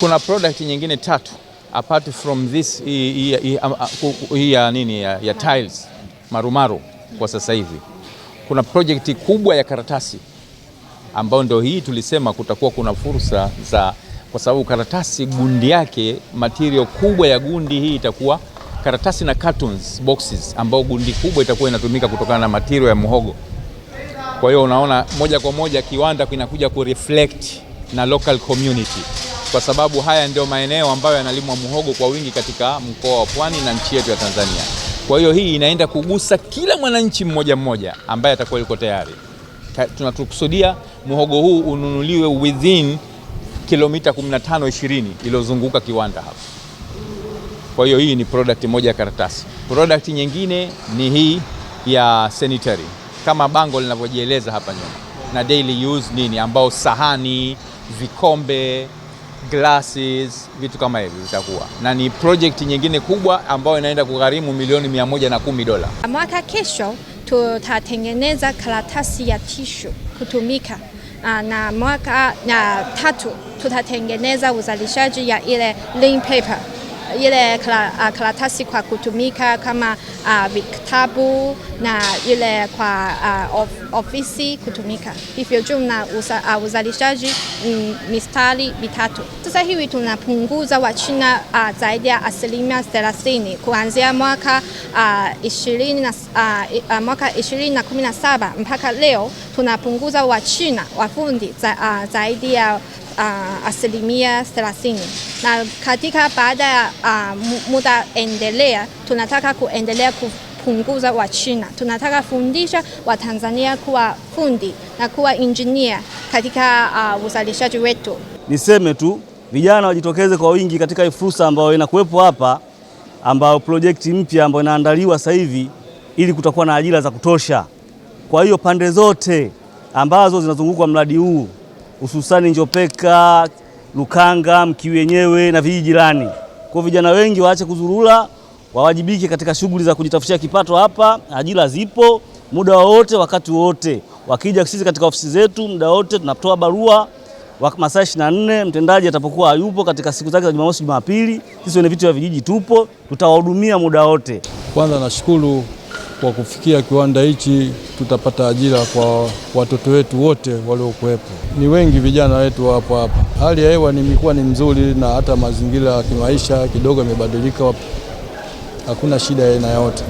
Kuna product nyingine tatu apart from this hii ya nini ya, ya tiles marumaru kwa sasa hivi kuna projekti kubwa ya karatasi ambayo ndio hii tulisema kutakuwa kuna fursa za, kwa sababu karatasi gundi yake material kubwa ya gundi hii itakuwa karatasi na cartons boxes, ambayo gundi kubwa itakuwa inatumika kutokana na material ya muhogo. Kwa hiyo unaona moja kwa moja kiwanda kinakuja kureflect na local community kwa sababu haya ndio maeneo ambayo yanalimwa muhogo kwa wingi katika mkoa wa Pwani na nchi yetu ya Tanzania. Kwa hiyo hii inaenda kugusa kila mwananchi mmoja mmoja ambaye atakuwa yuko tayari. Tunatukusudia muhogo huu ununuliwe within kilomita 15 20 iliyozunguka kiwanda hapa. Kwa hiyo hii ni product moja ya karatasi. Product nyingine ni hii ya sanitary kama bango linavyojieleza hapa nyuma, na daily use nini, ambao sahani, vikombe glasses, vitu kama hivi vitakuwa, na ni project nyingine kubwa ambayo inaenda kugharimu milioni 110 dola. Mwaka kesho tutatengeneza karatasi ya tishu kutumika ah, na mwaka na tatu tutatengeneza uzalishaji ya ile lean paper ile ah, karatasi kwa kutumika kama ah, vitabu na ile kwa ah, ofisi kutumika. Hivyo jumla uzalishaji mm, mistari mitatu. Sasa hivi tunapunguza Wachina zaidi ya asilimia 30 kuanzia mwaka na 2017 mpaka leo tunapunguza Wachina wafundi zaidi ya uh, asilimia 30 na katika baada ya uh, muda endelea, tunataka kuendelea kupunguza Wachina, tunataka fundisha Watanzania kuwa fundi na kuwa injinia katika uh, uzalishaji wetu. Niseme tu vijana wajitokeze kwa wingi katika fursa ambayo inakuwepo hapa, ambayo projekti mpya ambayo inaandaliwa sasa hivi, ili kutakuwa na ajira za kutosha. Kwa hiyo pande zote ambazo zinazungukwa mradi huu hususani Njopeka, Lukanga, Mkiu wenyewe na vijiji jirani. Kwa vijana wengi waache kuzurula wawajibike katika shughuli za kujitafutia kipato hapa. Ajira zipo muda wote, wakati wote. Wakija sisi katika ofisi zetu muda wote tunatoa barua masaa 24. Mtendaji atapokuwa hayupo katika siku zake za Jumamosi, Jumapili, sisi wenye viti vya vijiji tupo, tutawahudumia muda wote. Kwanza nashukuru kwa kufikia kiwanda hichi tutapata ajira kwa watoto wetu wote waliokuwepo. Ni wengi vijana wetu hapo hapa. Hali ya hewa nimekuwa ni mzuri na hata mazingira ya kimaisha kidogo yamebadilika, hakuna shida ya aina yote.